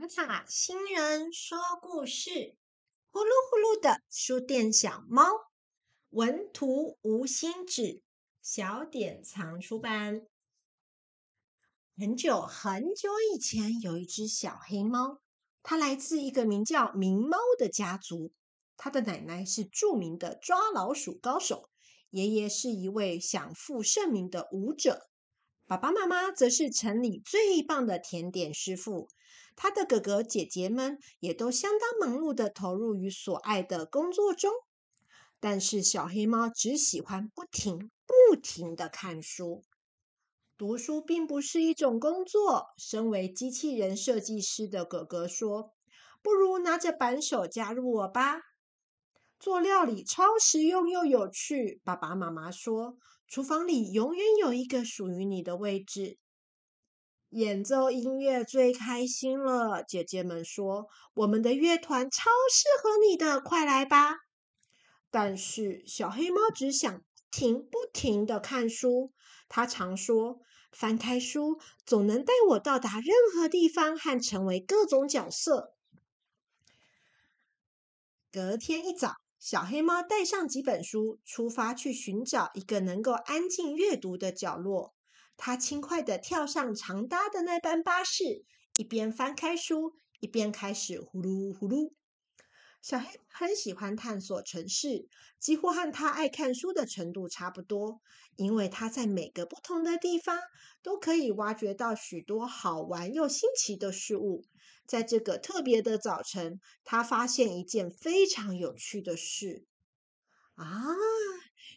瑪塔新人說故事，呼嚕呼嚕的書店小貓，文圖吳欣芷，小典藏出版。很久很久以前，有一只小黑貓，它來自一個名叫“名貓”的家族。它的奶奶是著名的抓老鼠高手，爺爺是一位享負盛名的舞者。爸爸媽媽則是城裡最棒的甜點師傅，他的哥哥姐姐們也都相當忙碌地投入於所愛的工作中。但是小黑貓只喜歡不停不停的看書。讀書並不是一種工作，身為機器人設計師的哥哥說：“不如拿着扳手加入我吧。”做料理超實用又有趣，爸爸媽媽說。廚房裡永遠有一個屬於你的位置。演奏音樂最開心了，姐姐們說，我們的樂團超適合你的，快來吧！但是小黑貓只想停不停的看書。他常說，翻開書總能帶我到達任何地方和成為各種角色。隔天一早。小黑貓帶上幾本書，出發去尋找一個能夠安靜閱讀的角落。它輕快地跳上長搭的那班巴士，一邊翻開書，一邊開始呼嚕呼嚕。小黑很喜歡探索城市，幾乎和他愛看書的程度差不多，因為他在每個不同的地方都可以挖掘到許多好玩又新奇的事物。在這個特別的早晨，他發現一件非常有趣的事。啊，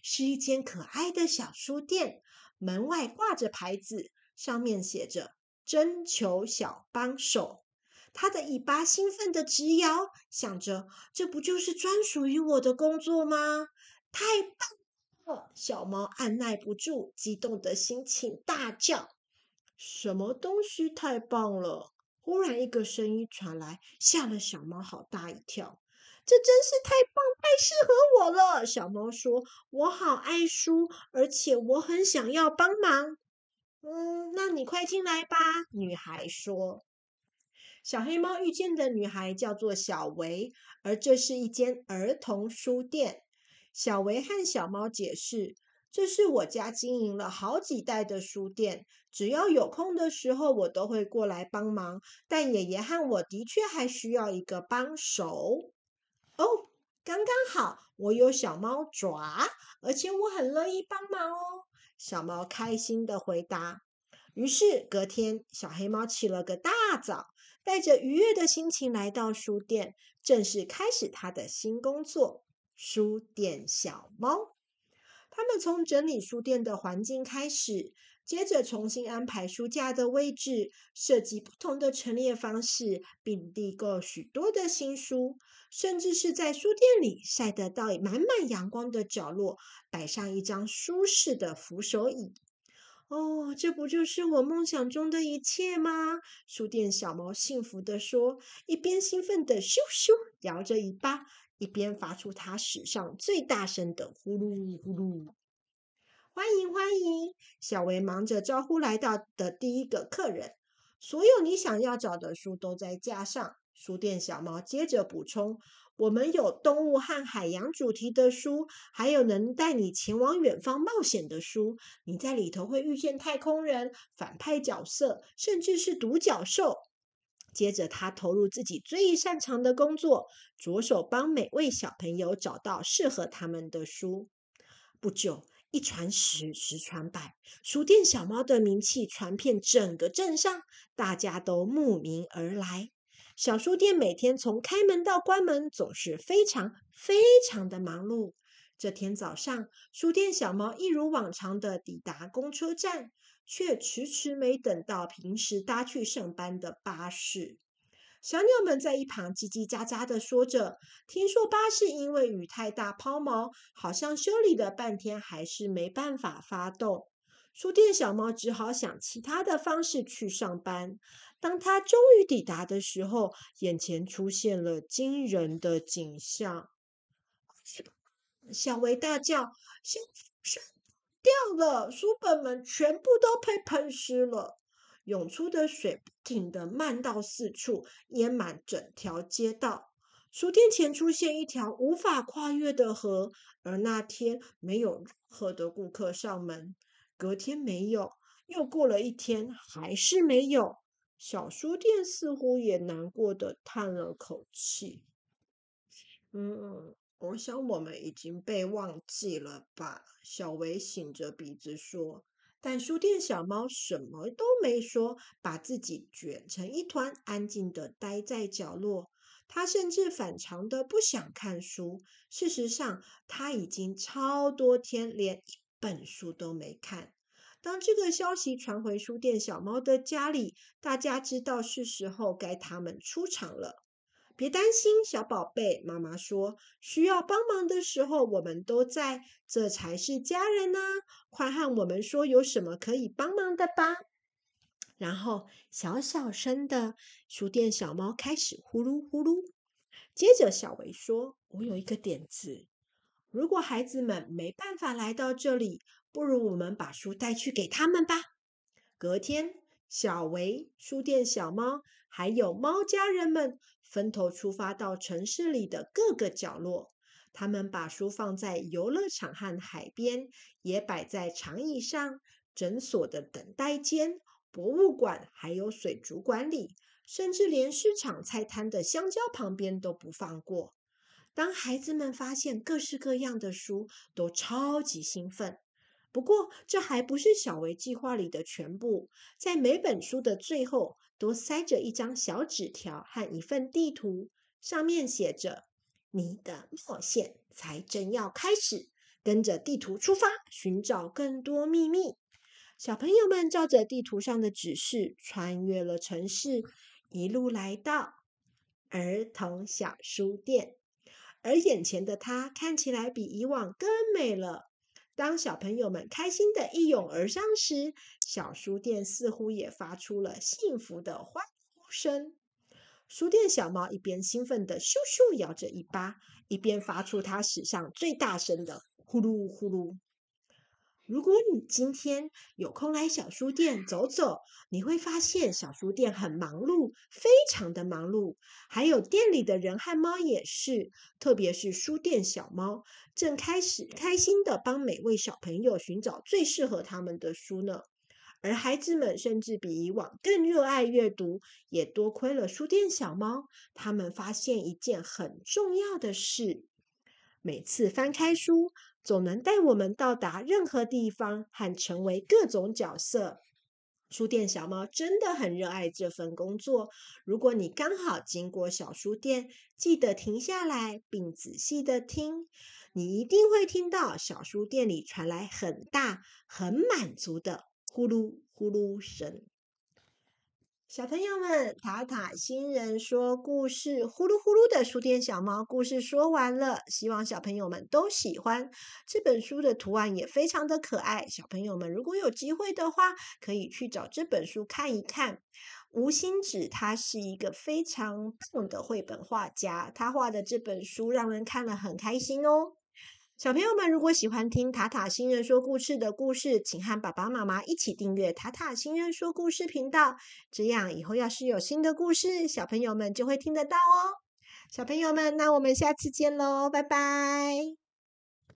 是一間可愛的小書店，門外掛着牌子，上面寫着“徵求小幫手”。他的尾巴興奮的直搖，想着：“這不就是專屬於我的工作嗎？太棒了！”小貓按捺不住激動的心情，大叫：“什麼東西？太棒了！”忽然，一個聲音傳來，嚇了小貓好大一跳。“這真是太棒，太適合我了！”小貓說：“我好愛書，而且我很想要幫忙。”“嗯，那你快進來吧。”女孩說。小黑貓遇見的女孩叫做小維，而這是一間兒童書店。小維和小貓解釋：“這是我家經營了好幾代的書店，只要有空的時候，我都會過來幫忙。但爺爺和我的確還需要一個幫手。哦，剛剛好，我有小貓爪，而且我很樂意幫忙哦。”小貓開心的回答。於是隔天，小黑貓起了個大早。帶着愉悅的心情來到書店，正式開始他的新工作。書店小貓，他們從整理書店的環境開始，接着重新安排書架的位置，設計不同的陳列方式，並訂購許多的新書，甚至是在書店裡曬得到滿滿陽光的角落，擺上一張舒適的扶手椅。哦，這不就是我夢想中的一切嗎？書店小貓幸福的說，一邊興奮的咻咻搖着尾巴，一邊發出它史上最大聲的呼嚕呼嚕。歡迎歡迎，小維忙着招呼來到的第一個客人。所有你想要找的書都在架上，書店小貓接着補充。我們有動物和海洋主題的書，還有能帶你前往遠方冒險的書。你在裡頭會遇見太空人、反派角色，甚至是獨角獸。接着，他投入自己最擅長的工作，着手幫每位小朋友找到適合他們的書。不久，一傳十，十傳百，書店小貓的名氣傳遍整個鎮上，大家都慕名而來。小書店每天從開門到關門總是非常非常的忙碌。這天早上，書店小貓一如往常的抵達公車站，卻遲遲沒等到平時搭去上班的巴士。小鳥們在一旁嘰嘰喳喳的說着：“聽說巴士因為雨太大拋錨，好像修理了半天還是沒辦法發動。”書店小貓只好想其他的方式去上班。當他終於抵達的時候，眼前出現了驚人的景象。小薇大叫：“先水掉了！”書本們全部都被噴濕了，湧出的水不停的漫到四處，淹滿整條街道。書店前出現一條無法跨越的河，而那天沒有任何的顧客上門。昨天沒有，又過了一天，還是沒有。小書店似乎也難過的嘆了口氣。嗯，我想我們已經被忘記了吧？小維醒着鼻子說。但書店小貓什麼都沒說，把自己捲成一團，安靜的待在角落。它甚至反常的不想看書。事實上，它已經超多天連。本書都沒看。當這個消息傳回書店小貓的家裡，大家知道是時候該他們出場了。別擔心，小寶貝，媽媽說，需要幫忙的時候我們都在，這才是家人呢、啊。快和我們說有什麼可以幫忙的吧。然後小小聲的書店小貓開始呼嚕呼嚕。接着小薇說：“我有一個點子。”如果孩子們沒辦法來到這裡，不如我們把書帶去給他們吧。隔天，小維、書店小貓還有貓家人們分頭出發到城市裡的各個角落。他們把書放在遊樂場和海邊，也擺在長椅上、診所的等待間、博物館，還有水族館裡，甚至連市場菜攤的香蕉旁邊都不放過。當孩子們發現各式各樣的書，都超級興奮。不過，這還不是小維計劃裡的全部。在每本書的最後，都塞着一張小紙條和一份地圖，上面寫着：“你的冒險才正要開始，跟着地圖出發，尋找更多祕密。”小朋友們照着地圖上的指示，穿越了城市，一路來到兒童小書店。而眼前的她看起來比以往更美了。當小朋友們開心地一擁而上時，小書店似乎也發出了幸福的歡呼聲。書店小貓一邊興奮地咻咻搖着尾巴，一邊發出它史上最大聲的呼嚕呼嚕。如果你今天有空來小書店走走，你會發現小書店很忙碌，非常的忙碌。還有店裡的人和貓也是，特別是書店小貓，正開始開心的幫每位小朋友尋找最適合他們的書呢。而孩子們甚至比以往更熱愛閱讀，也多虧了書店小貓，他們發現一件很重要的事。每次翻開書，總能帶我們到達任何地方和成為各種角色。書店小貓真的很熱愛這份工作。如果你剛好經過小書店，記得停下來並仔細的聽，你一定會聽到小書店裡傳來很大、很滿足的呼嚕呼嚕聲。小朋友們，塔塔星人說故事，呼嚕呼嚕的書店小貓故事說完了，希望小朋友們都喜歡。這本書的圖案也非常的可愛。小朋友們如果有機會的話，可以去找這本書看一看。吳欣芷他是一個非常棒的繪本畫家，他畫的這本書讓人看了很開心哦。小朋友們，如果喜歡聽塔塔星人說故事的故事，請和爸爸媽媽一起訂閱塔塔星人說故事頻道。這樣以後要是有新的故事，小朋友們就會聽得到哦。小朋友們，那我們下次見嘍，拜拜。